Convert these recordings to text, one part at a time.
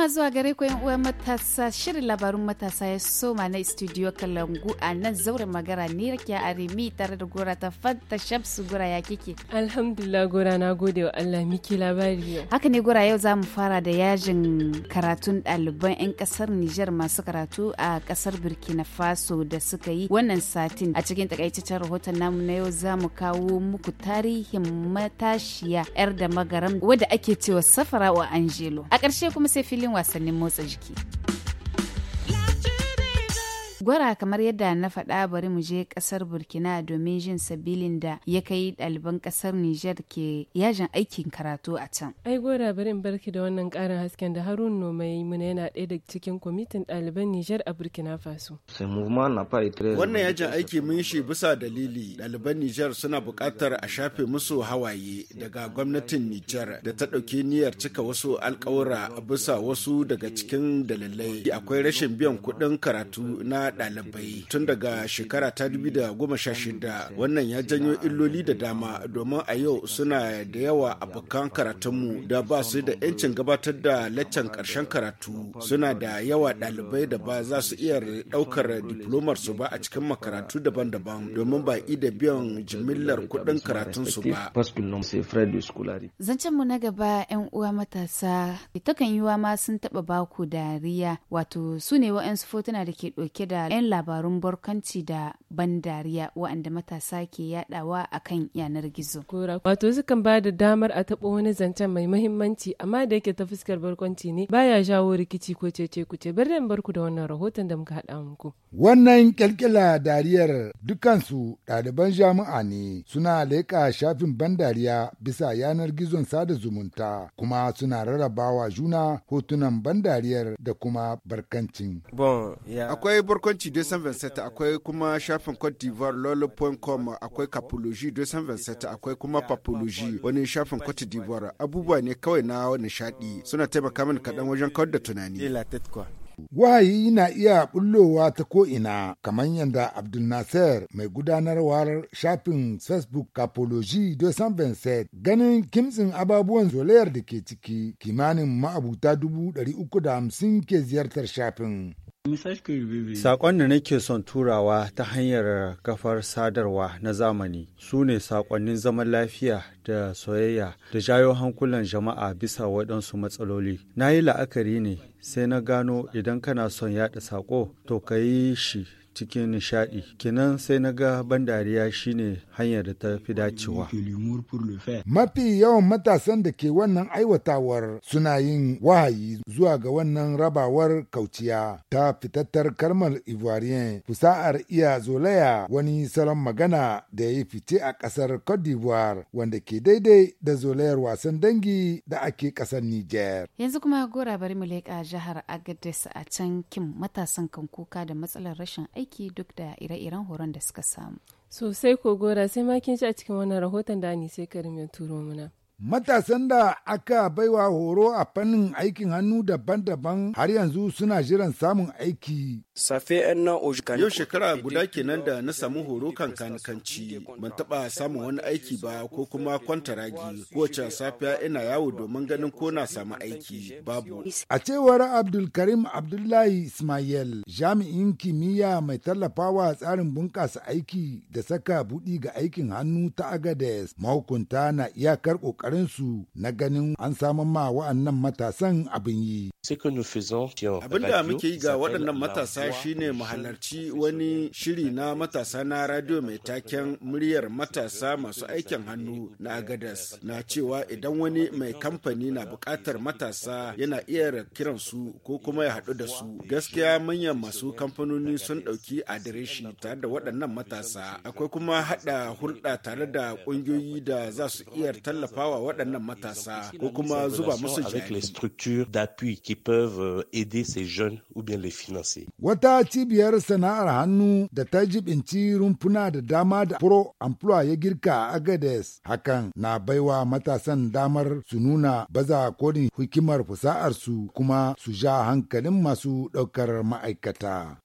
Sallama zuwa gare ku uwan matasa shirin labarun matasa ya soma na studio Kalangu a nan zauren magara ne rake a remi tare da gora ta fanta shamsu gora ya kike. Alhamdulillah gora na gode wa Allah miki labari yau. Haka ne gora yau za mu fara da yajin karatun ɗaliban 'yan ƙasar niger masu karatu a kasar Burkina Faso da suka yi wannan satin. A cikin takaitaccen rahoton namu na yau za mu kawo muku tarihin matashiya 'yar da magaram wadda ake cewa safara wa Angelo. A ƙarshe kuma sai filin wasannin de jiki. Gwara kamar yadda na faɗa bari mu je ƙasar Burkina domin jin sabilin da ya kai ɗaliban ƙasar niger ke yajin aikin karatu a can. Ai gwara bari in barki da wannan ƙarin hasken da Harun Noma muna yana ɗaya daga cikin kwamitin ɗaliban niger a Burkina Faso. Wannan yajin aiki mun shi bisa dalili ɗaliban niger suna buƙatar a shafe musu hawaye daga gwamnatin niger da ta ɗauki niyyar cika wasu alƙawura bisa wasu daga cikin dalilai. Akwai rashin biyan kuɗin karatu na ɗalibai tun daga shekara ta shida wannan ya janyo illoli da dama domin a yau suna da yawa a abokan karatunmu da ba su da 'yancin gabatar da laccan karshen karatu suna da yawa ɗalibai da ba za su iya ɗaukar diplomar su ba a cikin makarantu daban-daban domin ba da biyan jimillar kuɗin su ba. Zancen mu na gaba 'yan uwa matasa yi yiwa ma sun taɓa baku dariya wato su ne wa'yansu fotuna da ke ɗauke da 'yan labarun barkanci da ban dariya waɗanda matasa ke yadawa a kan yanar gizo. Wato sukan ba da damar a taɓa wani zancen mai mahimmanci amma da yake ta fuskar barkwanci ne baya jawo rikici ko cece kuce bari in barku da wannan rahoton da muka haɗa muku. Wannan kyalkyala dariyar dukansu ɗaliban jami'a ne suna leƙa shafin bandariya bisa yanar gizon sada zumunta kuma suna rarrabawa juna hotunan ban da kuma barkancin. Bon, yeah. Akwai barkwanci barkwanci 227 akwai kuma shafin Cote d'Ivoire lolo.com akwai capology 227 akwai kuma papology wani shafin Cote d'Ivoire abubuwa ne kawai na wani nishaɗi suna taimaka mini kaɗan wajen kawar da tunani. Wahayi na iya bullowa ta ko'ina kamar yadda Abdul Nasser mai gudanarwar shafin Facebook Capology 227 ganin kimtsin ababuwan zolayar da ke ciki kimanin ma'abuta 350 ke ziyartar shafin. Saƙon da nake son turawa ta hanyar kafar sadarwa na zamani su ne saƙonnin zaman lafiya da soyayya da jayo hankulan jama'a bisa waɗansu matsaloli. Na yi la'akari ne sai na gano idan kana son yaɗa saƙo to ka yi shi cikin nishadi kenan sai na ga ban dariya shine hanyar da ta fi dacewa mafi yawan matasan da ke wannan aiwatawar suna yin wahayi zuwa ga wannan rabawar kauciya ta fitattar kalmar ivoirien fusa'ar iya zolaya wani salon magana da ya yi fice a kasar cote d'ivoire wanda ke daidai da zolayar wasan dangi da ake ƙasar niger yanzu kuma gora bari mu leƙa jihar agadez a can kim matasan kan kuka da matsalar rashin aiki aiki duk da ire-iren horon da suka samu. Sosai ko gora sai ma kin ci a cikin wannan rahoton da Anise Karim ya turo muna. Matasan da aka baiwa horo a fannin aikin hannu daban-daban har yanzu suna jiran samun aiki. Yau shekara guda kenan da na samu horo kan kankanci, ban taba samun wani aiki ba ko kuma kwantaragi kowace safiya ina yawo domin ganin ko na samu aiki babu. A cewar Abdulkarim Abdullahi Ismail, jami'in kimiyya mai tallafawa tsarin bunƙasa aiki da saka buɗi ga aikin hannu ta Agades, mahukunta na iyakar ƙoƙarin ƙoƙarinsu na ganin an samun ma wa'annan matasan abin yi. Abin da muke yi ga waɗannan matasa shine mu halarci wani shiri na matasa na radio mai taken muryar matasa masu aikin hannu na Agadas na cewa idan wani mai kamfani na buƙatar matasa yana iya kiran su ko kuma ya haɗu da su. Gaskiya manyan masu kamfanoni sun ɗauki adireshi tare da waɗannan matasa. Akwai kuma haɗa hulɗa tare da ƙungiyoyi da za su iya tallafawa waɗannan matasa ko kuma zuba musu jari. Euh, Wata cibiyar sana'ar hannu da ta jibinci rumfuna da dama da Pro Amplua ya girka a Agades hakan na baiwa matasan damar su nuna baza kodin hikimar fasa'arsu kuma su ja hankalin masu ɗaukar ma'aikata.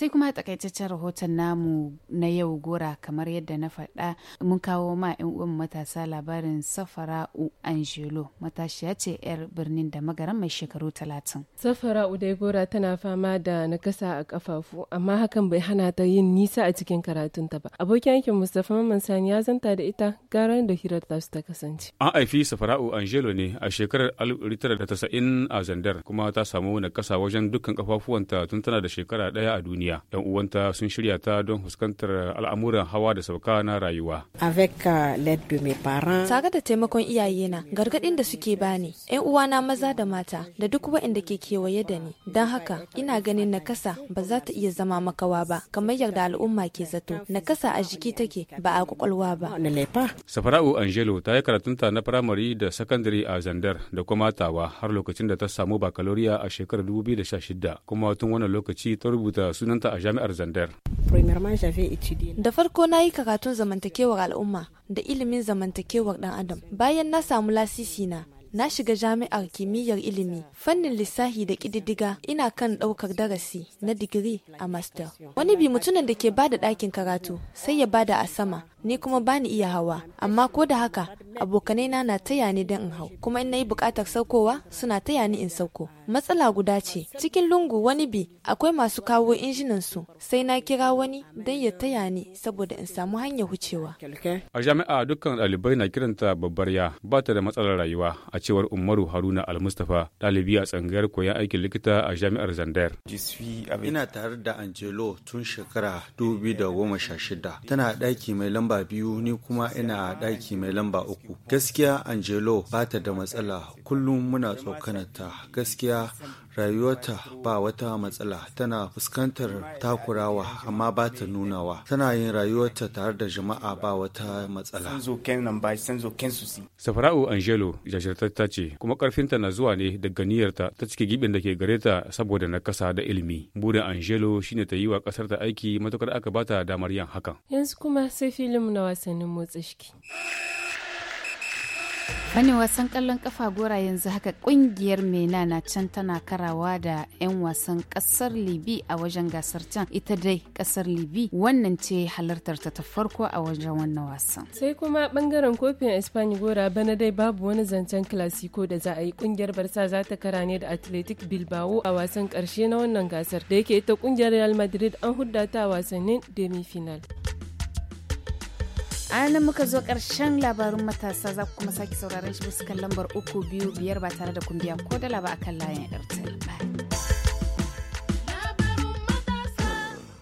sai kuma takaitaccen rahoton namu na yau gora kamar yadda na faɗa mun kawo ma 'yan uwan matasa labarin safara safara'u angelo matashiya ce 'yar birnin da magaran mai shekaru talatin u dai gora tana fama da nakasa a kafafu amma hakan bai hana ta yin nisa a cikin karatunta ba abokin aikin mustapha mamman sani ya zanta da ita gara da hirar su ta kasance an haifi safara'u angelo ne a shekarar 1990 a zandar kuma ta samu nakasa wajen dukkan kafafuwanta tun tana da shekara ɗaya a duniya duniya Yan uwanta sun shirya ta don fuskantar al'amuran hawa da sauka na rayuwa. Euh, Tare da taimakon iyaye na gargadin da suke bani, 'yan uwana maza da mata da duk waɗanda ke kewaye da ni. Don haka, ina ganin nakasa ba za ta iya zama makawa ba, kamar yadda al'umma ke zato. Nakasa a jiki take ba a kwakwalwa ba. Safara'u Angelo ta yi karatun ta na firamare da sakandare a Zandar da kuma Tawa har lokacin da ta samu bakaloriya a shekarar 2016 kuma tun wannan lokaci ta rubuta sunan makaranta a jami'ar Zandar. Da farko na yi karatun zamantakewar al'umma da ilimin zamantakewar dan adam. Bayan na samu lasisi na, na shiga jami'ar kimiyyar ilimi fannin lissahi da ƙididdiga ina kan ɗaukar darasi na digiri a master wani bi mutumin da ke bada ɗakin karatu sai ya bada a sama ni kuma bani iya hawa amma ko da haka abokanai na na taya ni don in hau kuma in nayi bukatar saukowa suna taya ni in sauko matsala guda ce cikin lungu wani bi akwai masu kawo injinan su sai na kira wani don ya taya ni saboda in samu hanyar hucewa a jami'a dukkan ɗalibai na kiranta babbar ya ba ta da matsalar rayuwa a cewar umaru haruna almustafa ɗalibi a tsangayar koyan aikin likita a jami'ar zandar ina tare da angelo tun shekara 2016 tana ɗaki mai lamba lamba biyu ni kuma ina ɗaki mai lamba uku gaskiya angelo ba ta da matsala kullum muna tsokanata gaskiya rayuwarta ba wata matsala tana fuskantar takurawa amma ba ta nunawa tana yin rayuwarta tare da jama'a ba wata matsala safara'u angelo jajirtatta ce kuma karfinta na zuwa ne daga niyyarta ta cike gibin da ke gare ta saboda kasa da ilimi burin angelo shine ta yi wa kasar ta aiki matukar aka bata damar yin hakan yanzu kuma sai filin na wasannin motsa shiki Mani wasan kallon kafa gora yanzu haka kungiyar Mena na can tana karawa da 'yan wasan kasar Libi a wajen gasar can ita dai kasar Libi wannan ce halartar ta ta farko a wajen wannan wasan. Sai kuma bangaren kofin Espanya gora bana dai babu wani zancen klasiko da za a yi kungiyar barsa za ta kara ne da Athletic Bilbao a wasan karshe na wannan gasar da yake ita kungiyar Real Madrid an hudda ta wasannin demi-final. a nan muka zo ƙarshen labarin matasa za ku kuma sake sauraron shi bisa kan lambar uku biyu biyar ba tare da kumbiya ko dala ba akan layin airtel ba.